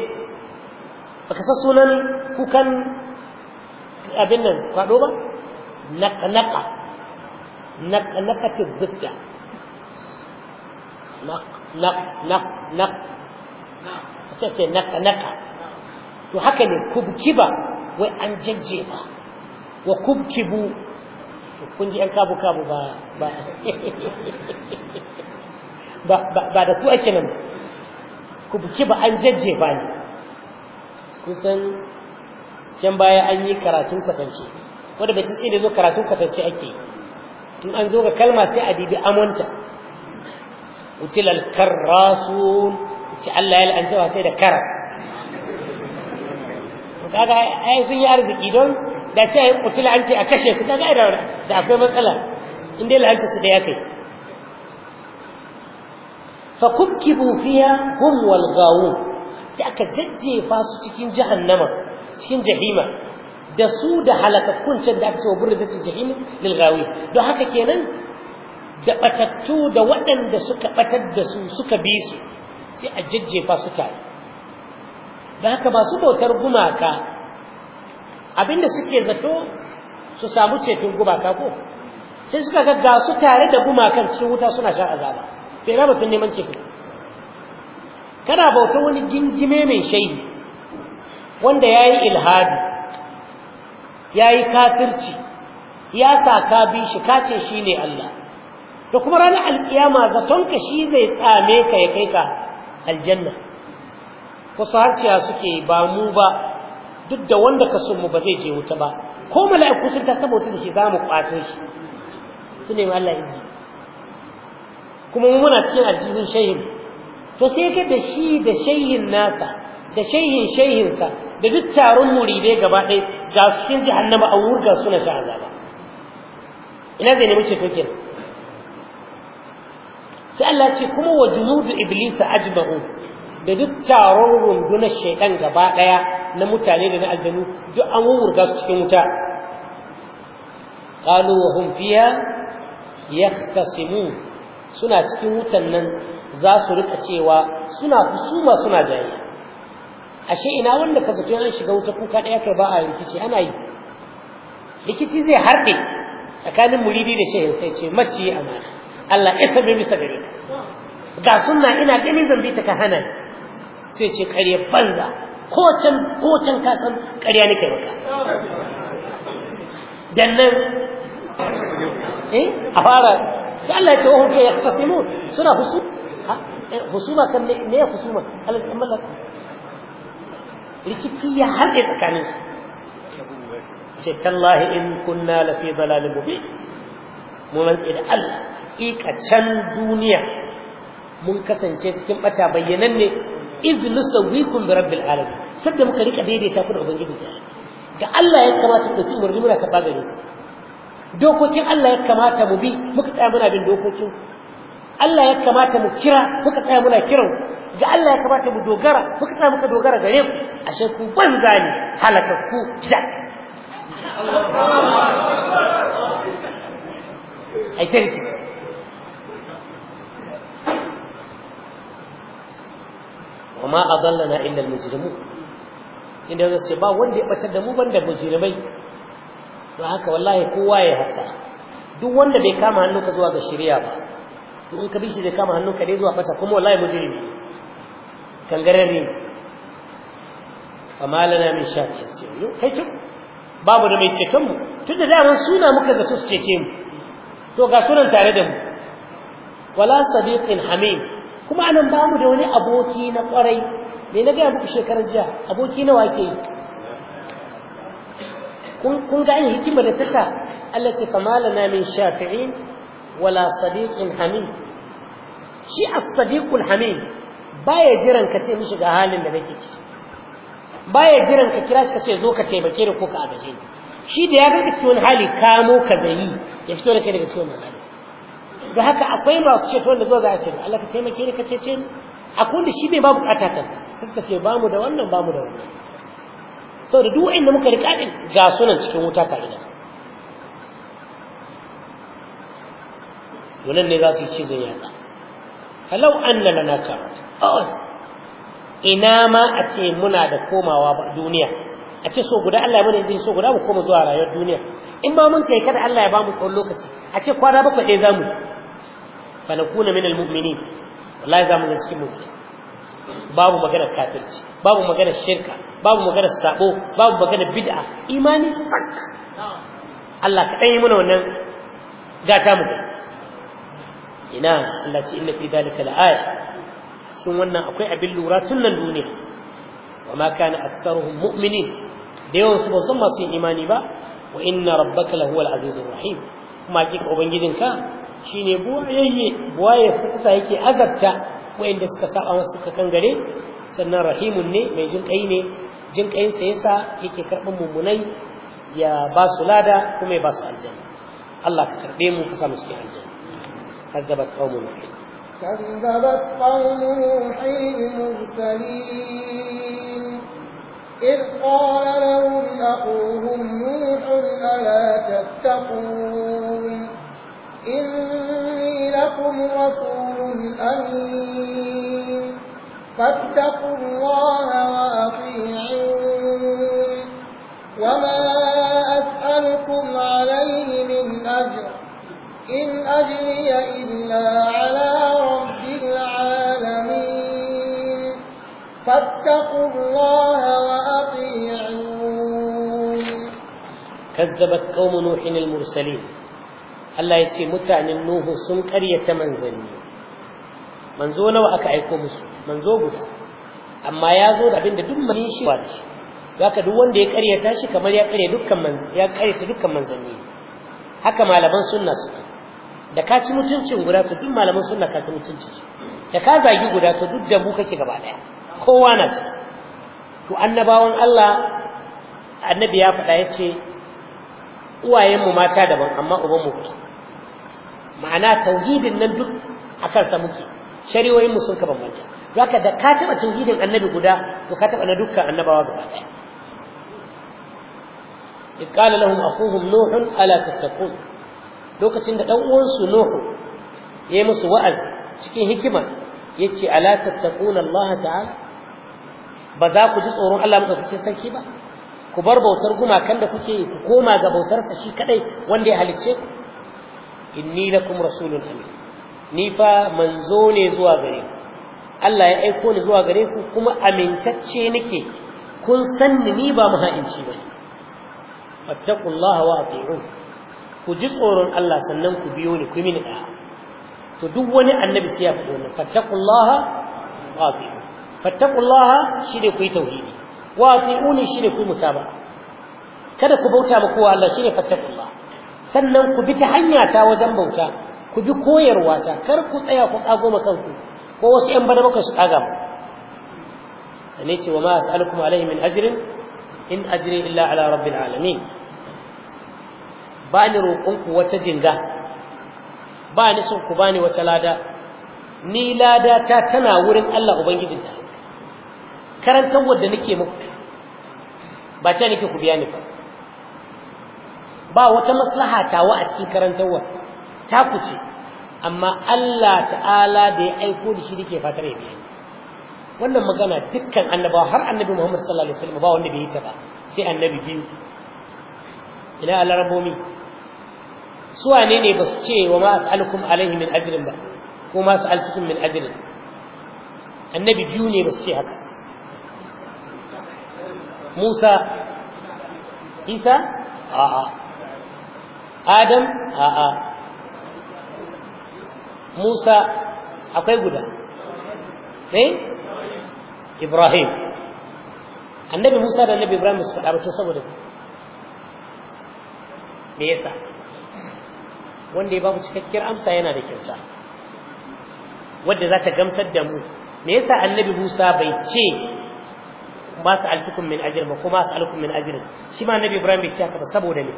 baka san sunan kukan abin nan kwaɗo ba naqnaqa naqnaqatu dhikra naq naq naq naq sai ce naka naka to haka ne kubkiba wai an ba, wa kubkibu kun ji yan kabu kabu ba ba ba da ku ake nan kubkiba an ba ne kusan can baya an yi karatun kwatance wanda bai sai da zo karatun kwatance ake yi an zo ga kalma sai a dibi amonta utilal karrasun ci Allah ya la'anci sai da karas kaga ai sun yi arziki don da ce ai an ce a kashe su kaga da da akwai matsala in dai la'anci su da ya kai fa kukkibu fiha hum wal ghawun sai aka jajjefa su cikin jahannama cikin jahima da su da halakakkun can da aka ce wa burdatul jahim lil ghawi don haka kenan da batattu da waɗanda suka batar da su suka bi su sai a jajjefa su tare da haka masu bautar gumaka abinda suke zato su samu ceton gumaka ko sai suka ga su tare da gumakan cikin wuta suna shan azaba bai na batun neman ceto kana bautar wani gingime mai shaidi wanda ya yi ilhadi ya yi kafirci ya sa ka bi shi ka ce shi ne Allah da kuma ranar alkiyama zatonka shi zai tsame ka ya kai ka aljanna wasu harciya suke ba mu ba duk da wanda ka mu ba zai je wuta ba ko mala'iku sun ta saboda shi za mu kwato shi su nemi Allah izini kuma mu muna cikin aljihun shayin to sai ka da shi da shayin nasa da shayin shayinsa da duk taron muridai gaba ɗaya ga su cikin jahannama a wurga suna sha azaba ina zai nemi ceto kenan sai Allah ce kuma wa junudu iblisa ajma'u da duk taron rundunar shaidan gaba daya na mutane da na aljanu duk an wurga su cikin wuta qalu wa hum fiha yahtasimun suna cikin wutan nan za su rika cewa suna kusuma suna jaye ashe ina wanda ka zato an shiga wuta kuka daya kai ba a rikici ana yi rikici zai harde tsakanin muridi da shehin sai ce mace amana Allah ya same bisa gare ka ga sunna ina gani zan bi ta ka hana sai ce kare banza ko can ko can ka san kariya nake maka dan nan eh a fara da Allah ya ce wahum ke yaqtasimun suna husu eh, husuma kan ne ne husuma Allah ya mallaka rikici ya tsakanin su ce tallahi in kunna lafi zalalin mubin mu rantse da Allah haƙiƙa can duniya mun kasance cikin ɓata bayyanan ne iz nusawwikum bi rabbil alamin sadda muka rika daidaita ku da ubangiji ta ga Allah ya kamata ku ci umarni muna karɓa gare ku dokokin Allah ya kamata mu bi muka tsaya muna bin dokokin Allah ya kamata mu kira muka tsaya muna kiran ga Allah ya kamata mu dogara muka tsaya muka dogara gare ku ashe ku banza ne halakakku da ai dai wa amma adallana illa al-mujrimun inda zai ce ba wanda ya batar da mu banda mujrimai to haka wallahi kowa ya hatta duk wanda bai kama hannu ka zuwa ga shari'a ba to in ka bi shi bai kama hannu ka dai zuwa fata kuma wallahi mujrimi kangare ne amma lana min shafi ce yo kai to babu da mai ceton mu tunda daman suna muka zato su cece mu to ga sunan tare da mu wala sadiqin hamim kuma anan ba mu da wani aboki na kwarai me na gaya muku shekarar jiya aboki nawa ke yi kun ga ainihin hikima da taka Allah ce kamala na min shafi'in wala sadiqin hamid shi as-sadiqul hamid baya jiran ka ce mishi ga halin da nake ciki baya jiran ka kira shi ka ce zo ka taimake ni ko ka agaje ni shi da ya ga cikin wani hali kamo ka zai ya fito da kai daga cikin wani hali da haka akwai masu ceto da zo za a ce Allah ka taimake ni ka cece ni akwai da shi bai ba bukata kan suka ce bamu da wannan bamu da wannan saboda duk wanda muka rika din ga sunan cikin wuta tare da wannan ne za su yi cizon yatsa halau anna lana ka ina ma a ce muna da komawa ba duniya a ce so guda Allah ya mana yanzu so guda mu koma zuwa rayuwar duniya in ba mun ce kada Allah ya ba mu tsawon lokaci a ce kwana bakwai ɗaya zamu fa nakuna minal mu'minin wallahi zamu ga cikin babu magana kafirci babu magana shirka babu magana sabo babu magana bid'a imani sak Allah ka dai mana wannan gata mu ina Allah ce inna fi dalika la'aya sun wannan akwai abin lura sunan duniya wa ma kana aktsaruhum mu'minin da yawan su ba su masu imani ba wa inna rabbaka lahuwal azizur rahim kuma hakika ubangijinka Shi buwayayye buwaye sa yake azabta wayanda suka a wasu suka gare sannan rahimun ne mai jin kai ne jin ya sa yasa yake karban mummunai ya ba su lada kuma ya ba su aljanna Allah ka karbe mu ka mu cikin aljanna kazzabat qaumun كذبت qaumun نوح المرسلين إذ قال لهم أخوهم نوح ألا تتقون إني لكم رسول أمين فاتقوا الله وأطيعون وما أسألكم عليه من أجر إن أجري إلا على رب العالمين فاتقوا الله وأطيعون كذبت قوم نوح المرسلين Allah ya ce mutanen Nuhu sun karyata manzanni manzo nawa aka aiko musu manzo guda amma ya zo da abinda duk mai shi ba shi ka duk wanda ya ƙaryata shi kamar ya karya dukkan man ya dukkan manzanni haka malaman sunna suke da ka ci mutuncin guda to duk malaman sunna ka ci mutuncin da ka zagi guda to duk da mu kake gaba daya kowa na ci to annabawan Allah annabi ya faɗa ya ce, uwayenmu mata daban amma ubanmu guda ma'ana tauhidin nan duk a kansa muke shari'o'in sun ka bambanta zaka da ka taba tauhidin annabi guda to ka taba na dukkan annabawa gaba ɗaya إذ قال لهم أخوهم نوح lokacin da ɗan uwansu Nuhu yayi musu wa'azi cikin hikima yace ala tattaquna Allah ta'ala ba za ku ji tsoron Allah muka kuke sarki ba ku bar bautar gumakan da kuke yi ku koma ga bautarsa shi kaɗai wanda ya halicce ku inni lakum rasulun amin ni fa manzo ne zuwa gare ku Allah ya aiko ni zuwa gare ku kuma amintacce nake kun san ni ni ba maha'inci bane fattaqullaha wa ati'un ku ji tsoron Allah sannan ku biyo ni ku yi mini da'a to duk wani annabi sai ya faɗo wannan fattaqullaha wa ati'un fattaqullaha shine ku yi tauhidi wa ati'uni shine ku mutaba kada ku bauta ma kowa Allah shine fattaqullaha sannan ku bi ta hanya ta wajen bauta ku bi koyarwa ta kar ku tsaya ku kago ma kanku ko wasu yan bada baka su kaga sanai ce wa ma as'alukum alaihi min ajrin in ajri illa ala rabbil alamin ba ni roƙon ku wata jinga ba ni son ku bani wata lada ni lada ta tana wurin Allah ubangijin ta karantar wadda nake muku ba ta nake ku biya ni ba ba wata maslaha tawa a cikin karantarwa ta kuce amma Allah ta'ala da ya aiko da shi dake fatar ya biya wannan magana dukkan annabawa har annabi Muhammad sallallahu alaihi wasallam ba wanda bai yi ta ba sai annabi biyu ila alarabomi su wane ne ba su ce wa ma as'alukum alaihi min ajrin ba ko ma as'altukum min ajrin annabi biyu ne ba su ce haka Musa Isa a'a adam a'a musa akwai guda ne eh? ibrahim annabi musa da annabi ibrahim su faɗa ba saboda me yasa wanda ya babu cikakkiyar amsa yana da kyauta wadda za ta gamsar da mu me yasa annabi musa bai ce ba su altukun min ajiyar? ba kuma su alukun min ajiyar? shi ma annabi ibrahim bai ce haka ba saboda ne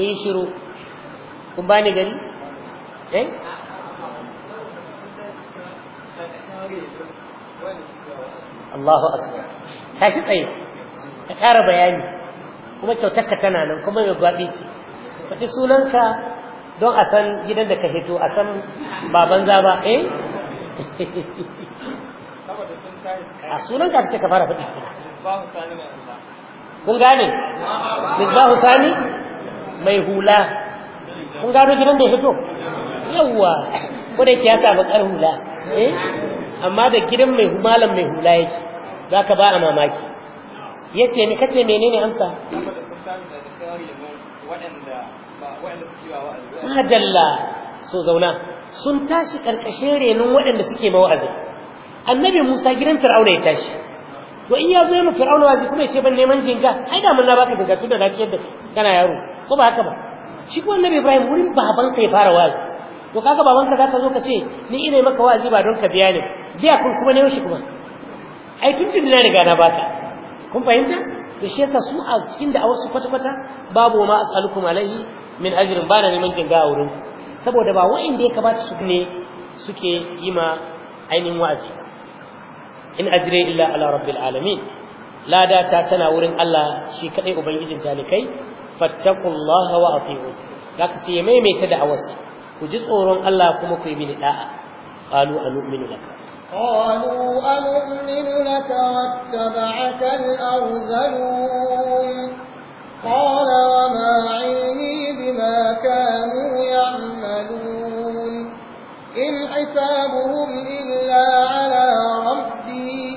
kun yi shiru kun ba ni gari eh Allahu akbar shi tsaye ka ƙara bayani kuma kyautarka tana nan kuma mai gwaɓi ce faɗi sunanka don a san gidan da ka hito a san baban za ba eh a sunanka ka ce ka fara faɗi kun gane ba sani mai hula kun gano gidan da ya fito yawwa ko da ya sa kar hula eh amma da gidan mai malam mai hula yake zaka ba a mamaki yace ni kace menene amsa Madalla so zauna sun tashi ƙarƙashin renon waɗanda suke mawa'azi. Annabi Musa gidan Fir'auna ya tashi. To in ya zo mu Fir'auna wazi kuma ya ce ban neman jinga, ai da mun na baka jinga tunda na ciyar da kana yaro. ko ba haka ba shi ko annabi ibrahim wurin babansa ya fara wazi to kaga ka zaka zo ka ce ni ina maka wazi ba don ka biya ni biya kun kuma ne shi kuma ai tun tun na riga na baka kun fahimta to shi yasa su a cikin da wasu kwata kwata babu ma as'alukum alaihi min ajrin bana neman kin ga wurin saboda ba wa'inda ya kamata su ne suke yi ma ainihin wa'azi in ajri illa ala rabbil alamin lada ta tana wurin Allah shi kadai ubangijin talikai فاتقوا الله واطيعوه لك سيماي مي تدعوس وجي تصورون الله كما كوي بني داء قالوا انؤمن لك قالوا انؤمن لك واتبعك الارذلون قال وما علمي بما كانوا يعملون ان حسابهم الا على ربي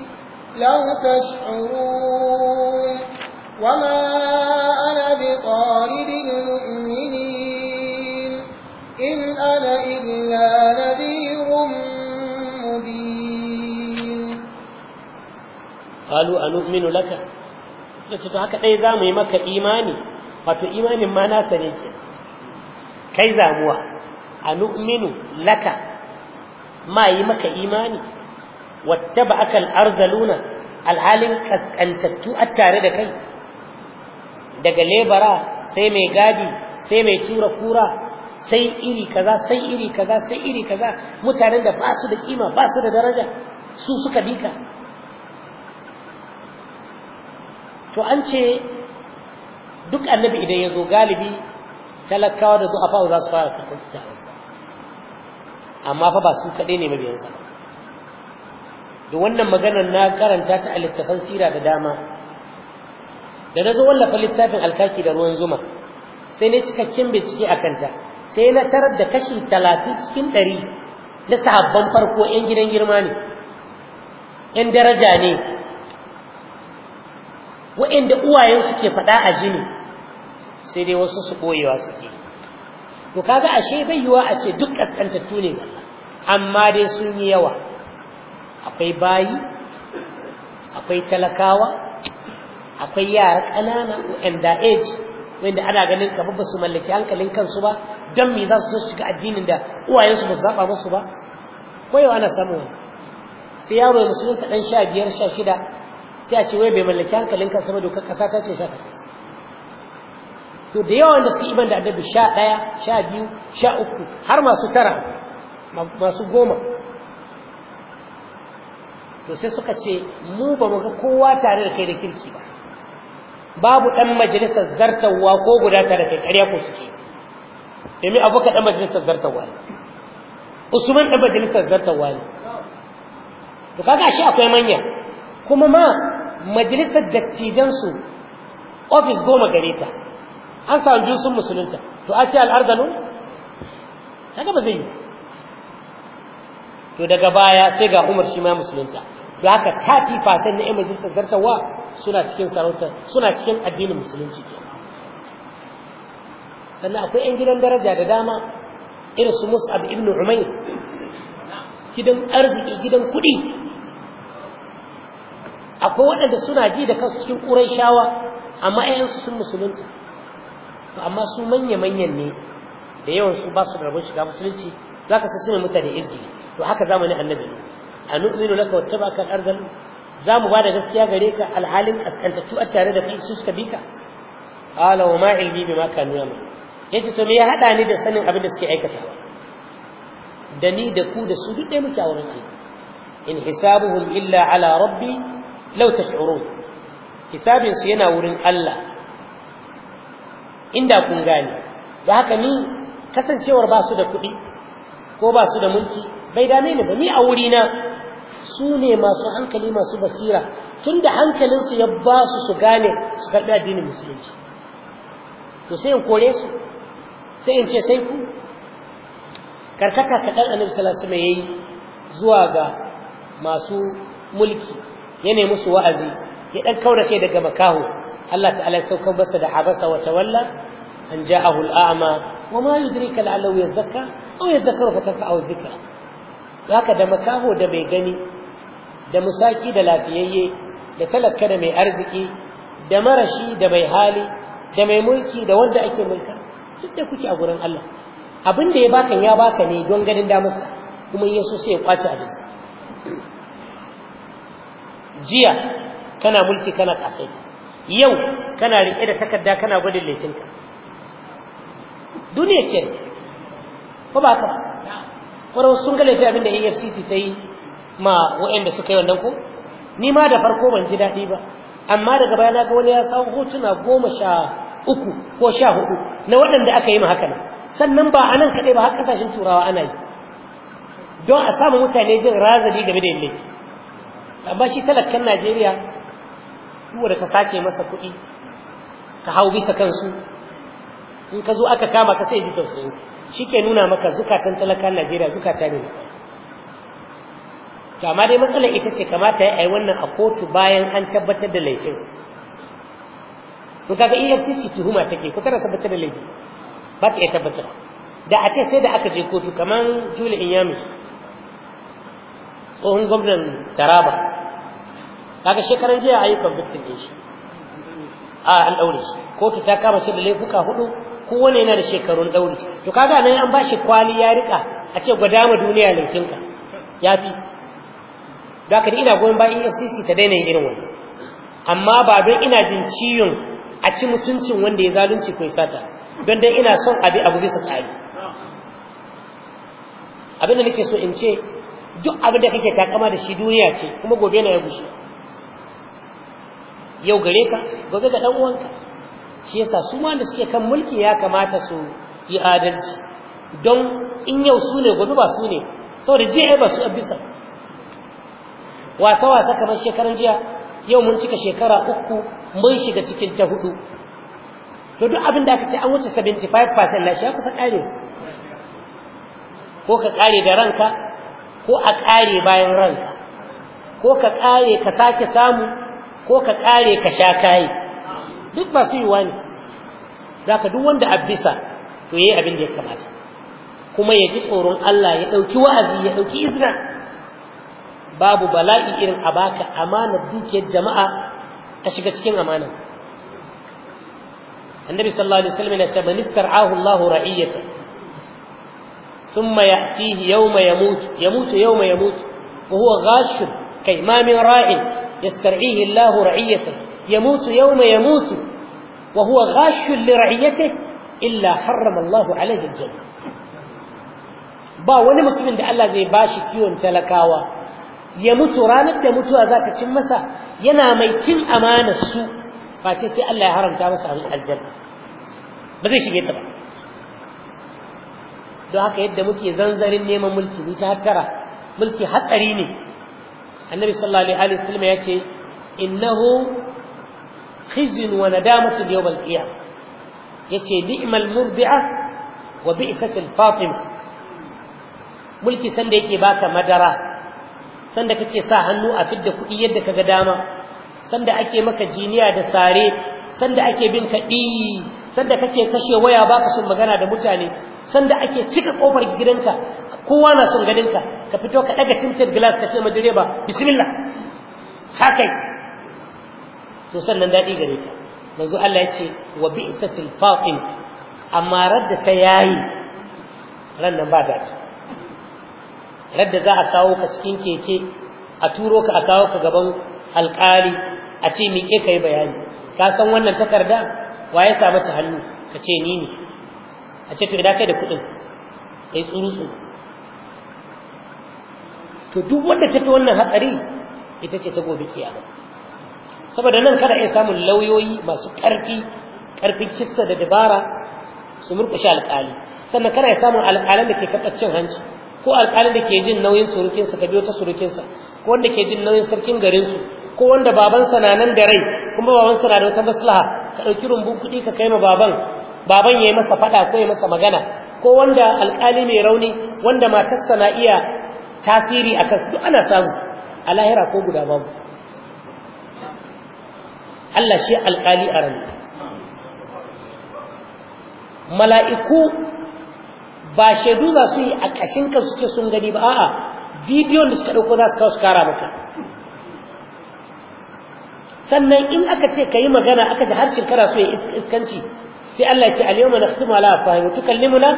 لو تشعرون وما qalu anu'minu laka kace to haka dai zamu yi maka imani wato imanin ma na sane ke kai zamuwa anu'minu laka ma yi maka imani wattaba'aka al-arzaluna alhalin kaskantattu a tare da kai daga lebara sai mai gadi sai mai tura kura sai iri kaza sai iri kaza sai iri kaza mutanen da ba su da kima ba su da daraja su suka bika to an ce duk annabi idan ya zo galibi talakawa da zuwa fa'o za su fara karɓar kyawarsa amma fa ba su kaɗai ne mabiyansa ba da wannan maganar na karanta ta a littafan sira da dama da na zo wallafa littafin alkaki da ruwan zuma sai na cikakken bincike a kanta sai na tarar da kashi talatin cikin ɗari na sahabban farko 'yan gidan girma ne 'yan daraja ne waɗanda uwayen suke faɗa a jini sai dai wasu su koyewa suke to kaga ashe bai yiwa a ce duk ƙasƙantattu ne amma dai sun yi yawa akwai bayi akwai talakawa akwai yara ƙanana waɗanda age waɗanda ana ganin ka ba su mallaki hankalin kansu ba don me za su zo shiga addinin da uwayensu ba su zaɓa musu ba koyewa ana samun sai yaro ya musulunta ɗan sha biyar sha shida sai a ce wai bai mallaki hankalin kansa ba dokar kasa ta ce saka to da yawan da suke iban da annabi sha ɗaya sha biyu sha uku har masu tara masu goma to sai suka ce mu ba mu ga kowa tare da kai da kirki ba babu ɗan majalisar zartawa ko guda tare da kai ƙarya ko suke domin abuka ɗan majalisar zartawa ne usman ɗan majalisar zartawa ne to kaga shi akwai manya kuma ma majalisar dattijansu ofis goma gare ta an samu biyu sun musulunta to a ce al'ardanu haka ba zai yi to daga baya sai ga umar shi ma musulunta to haka ta ci fasan na 'yan majalisar zartawa suna cikin sarautar suna cikin addinin musulunci ke sannan akwai 'yan gidan daraja da dama irin su mus'ab ibn umair gidan arziki gidan kuɗi akwai waɗanda suna ji da kansu cikin ƙurai shawa amma ƴaƴansu sun musulunta to amma su manya-manyan ne da yawan su ba su da rabon shiga musulunci za ka sune mutane izgili to haka zamanin annabi ne a nu'minu laka wattaba'aka al-ardal za mu ba da gaskiya gare ka alhalin kaskantattu a tare da kai su suka bi ka qala wa ma ilmi bima kanu yamal yace to me ya hada ni da sanin abin da suke aikatawa da ni da ku da su duk ɗaya muke a wurin in hisabuhum illa ala rabbi law tash'urun hisabinsu yana wurin Allah inda kun gane da haka ni kasancewar ba su da kuɗi ko ba su da mulki bai dame ni ba ni a wurina su ne masu hankali masu basira tun da hankalinsu ya ba su su gane su karɓi addinin musulunci to sai in kore su sai in ce sai ku karkata kaɗan annabi sallallahu alaihi wasallam yayi zuwa ga masu mulki ya nemi musu wa'azi ya dan kaura kai daga makaho Allah ta'ala ya saukan basa da habasa wata walla. an ja a hul'ama wa ma ya zaka rufa aw a fatanfa'u ya ka da makaho da mai gani da musaki da lafiyayye da talaka da mai arziki da marashi da mai hali da mai mulki da wanda ake mulka duk da kuke a gurin Allah abin da ya baka ya baka ne don ganin damarsa kuma yaso sai ya kwace abinsa jiya kana mulki kana kasai yau kana riƙe da takarda kana gwadin laifinka duniya ke ko ba haka wani sun ga laifin abinda afcc ta yi ma waɗanda suka yi wannan ko ni ma da farko ban ji daɗi ba amma daga baya na ga wani ya samu hotuna goma sha uku ko sha hudu na waɗanda aka yi ma haka nan sannan ba a nan kaɗai ba har ƙasashen turawa ana yi don a samu mutane jin razali game da yin amma shi talakkan najeriya duk da ka sace masa kuɗi ka hau bisa kansu in ka zo aka kama ka sai ji tausayin shi ke nuna maka zukatan talakan najeriya zukata ne to amma dai matsalar ita ce kamata ya yi wannan a kotu bayan an tabbatar da laifin to kaga EFCC tuhuma take ko tana tabbatar da laifi ba ta iya tabbatar da a ce sai da aka je kotu kaman Julie Inyami tsohon gwamnan taraba kaga shekaran jiya a yi convictin ɗin shi a an ɗaure shi kotu ta kama shi da laifuka hudu kowane yana da shekarun ɗaure to kaga nan an ba shi kwali ya rika a ce gwada ma duniya laifinka ya fi da ina goyon bayan efcc ta daina yin irin wani amma ba don ina jin ciwon a ci mutuncin wanda ya zalunci ko sata don dai ina son abi abu bisa tsari Abinda da nake so in ce duk abin da kake takama da shi duniya ce kuma gobe na ya gushe yau gare ka gobe ga dan uwanka shi yasa su ma da suke kan mulki ya kamata su yi adalci don in yau su ne gobe ba su ne saboda jiya ba su abisa bisa wasa wasa kamar shekaran jiya yau mun cika shekara uku mun shiga cikin ta hudu to duk abin da aka ce an wuce 75% na shi ya kusa kare ko ka kare da ranka ko a kare bayan ranka ko ka kare ka sake samu ko ka kare ka sha kayi duk ba su ne zaka duk wanda a bisa, to yayi abin da ya kamata kuma ya ji tsoron Allah ya ɗauki wa'azi ya ɗauki izna babu bala'i irin a baka amanar dukiyar jama'a ta shiga cikin amana annabi sallallahu alaihi wasallam ya ce man ahullahu Allahu ثم يأتيه يوم يموت يموت يوم يموت وهو غاش كي من راع يسترعيه الله رعيته يموت يوم يموت وهو غاش لرعيته إلا حرم الله عليه الجنة ba wani mutumin da Allah zai bashi kiwon talakawa ya mutu ranar da mutuwa za ta cin masa yana mai cin amanar su face sai Allah ya haramta masa aljanna ba zai ba don haka yadda muke zanzarin neman mulki ni ta hattara mulki hatsari ne annabi sallallahu alaihi wasallam ya ce innahu khizyun wa nadamatun yawm al-qiyam yace ni'mal murdi'a wa bi'sat al-fatima mulki sanda yake baka madara sanda kake sa hannu a fidda kuɗi yadda kaga dama sanda ake maka jiniya da sare sanda ake bin kaɗi, sanda kake kashe waya baka son magana da mutane sanda ake cika kofar gidanka kowa na son ganinka ka fito ka ɗaga tinted glass ka ce ma direba bismillah sakai to sannan daɗi gare ka yanzu Allah ya ce wa bi'satil faqin amma radda ta yayi ran nan ba dadi. radda za a kawo ka cikin keke a turo ka a kawo ka gaban alƙali a ce miƙe ka yi bayani ka san wannan takarda wa ya sa mata hannu ka ce ni ne a ce to idan kai da kuɗin ka yi tsuru to duk wanda ta fi wannan hatsari ita ce ta gobe kiyama saboda nan kada iya samun lauyoyi masu karfi ƙarfin kissa da dabara su murƙushe alƙali sannan kana iya samun alƙalan da ke kakkacin cin hanci ko alƙalin da ke jin nauyin surukinsa ka biyo ta surukinsa ko wanda ke jin nauyin sarkin garinsu ko wanda babansa na nan da rai kuma baban suna da wata maslaha ka ɗauki rumbun kuɗi ka kai ma baban baban ya yi masa faɗa ko ya masa magana ko wanda alƙali mai rauni wanda matarsa na iya tasiri a kansu duk ana samu a lahira ko guda babu Allah shi alƙali a ranar mala'iku ba shaidu za su yi a ƙashin ka suke sun gani ba a'a bidiyon da suka ɗauko za su kawo su kara maka sannan in aka ce ka yi magana aka ji harshen kana so ya iskanci sai Allah ya ce al-yawma nakhtimu ala afwahihim tukallimuna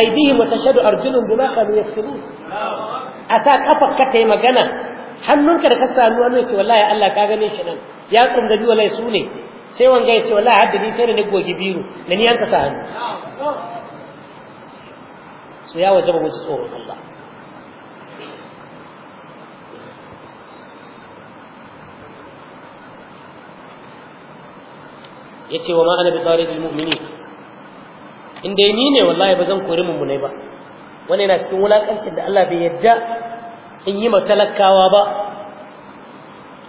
aydihim wa tashhadu arjuluhum bima kanu yaksubun asa kafar ka tayi magana hannunka da ka sami wani ya ce wallahi Allah ka gane shi nan ya tsundabi wallahi su ne sai wanga ya ce wallahi haddani sai da ni gogi biru da ni yanka sa hannu su ya waje wuce tsoron Allah yace wa ma ana bi taridil mu'minin in ni ne wallahi bazan kore kori munai ba wannan yana cikin wulakancin da Allah bai yadda in yi matalakawa ba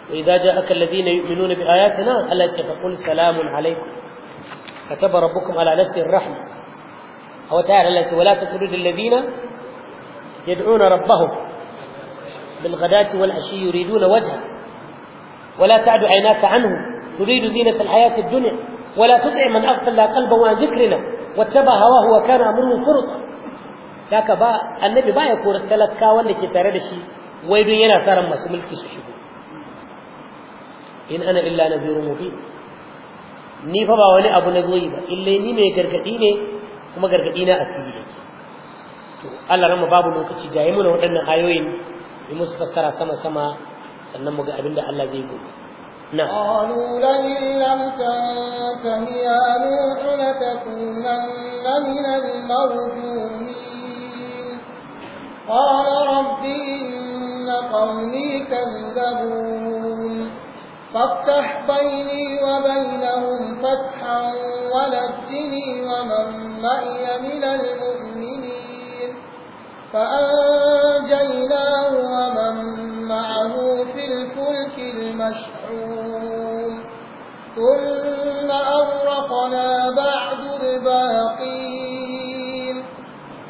wa idza ja'aka alladhina yu'minuna bi ayatina Allah ya fa qul salamun alaykum kataba rabbukum ala nafsi ar-rahma aw ta'ala Allah ya wala tatrud alladhina yad'una rabbahum bil ghadati wal ashi yuriduna wajha ولا تعد عيناك عنهم تريد زينة الحياة الدنيا ولا تطع من أغفلنا قلبه عن ذكرنا واتبع هواه وكان أمره فرطا ذاك با النبي با يقول التلكا wanda ke tare da shi wai dun yana sa ran masu mulki su shigo in ana illa nadhirun mubin ni fa ba wani abu na zoyi ba illai ni mai gargadi ne kuma gargadi na asiri yake to Allah rama babu lokaci jaye mu na waɗannan ayoyin mu musu fassara sama sama sannan mu ga abinda Allah zai gobe نعم قالوا لئن لم تنته يا نوح لتكونن من المرجومين قال رب إن قومي كذبون فافتح بيني وبينهم فتحا ونجني ومن معي من المؤمنين فأنجيناه ومن معه في الفلك المشهور النجوم ثم أغرقنا بعد الباقين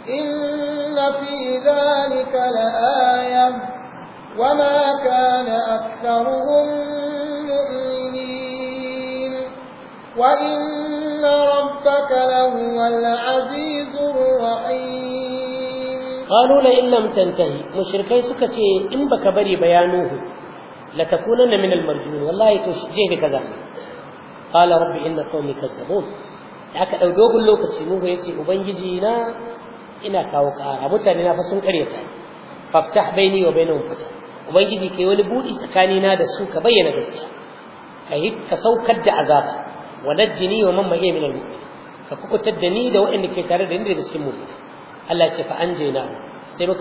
إن في ذلك لآية وما كان أكثرهم مؤمنين وإن ربك لهو العزيز الرحيم قالوا لئن لم تنتهي مشركي سكتي إن بك بري بيانوه لتكونن من المرجومين والله توشجيه كذا قال ربي إن قومي كذبون لك أو دوغن لوكتي نوه يتي أبنجينا إنا كاو كارا متاننا فسن كريتا فافتح بيني وبينهم فتح أبنجي كي ولبودي سكانينا دسو كبين دسو كهيب كسو كد عذاب ونجني ومن مجي من المؤمنين ككوكو تدني دو إنك تارد إنك تسكي مؤمنين Allah ce fa an jaina sai muka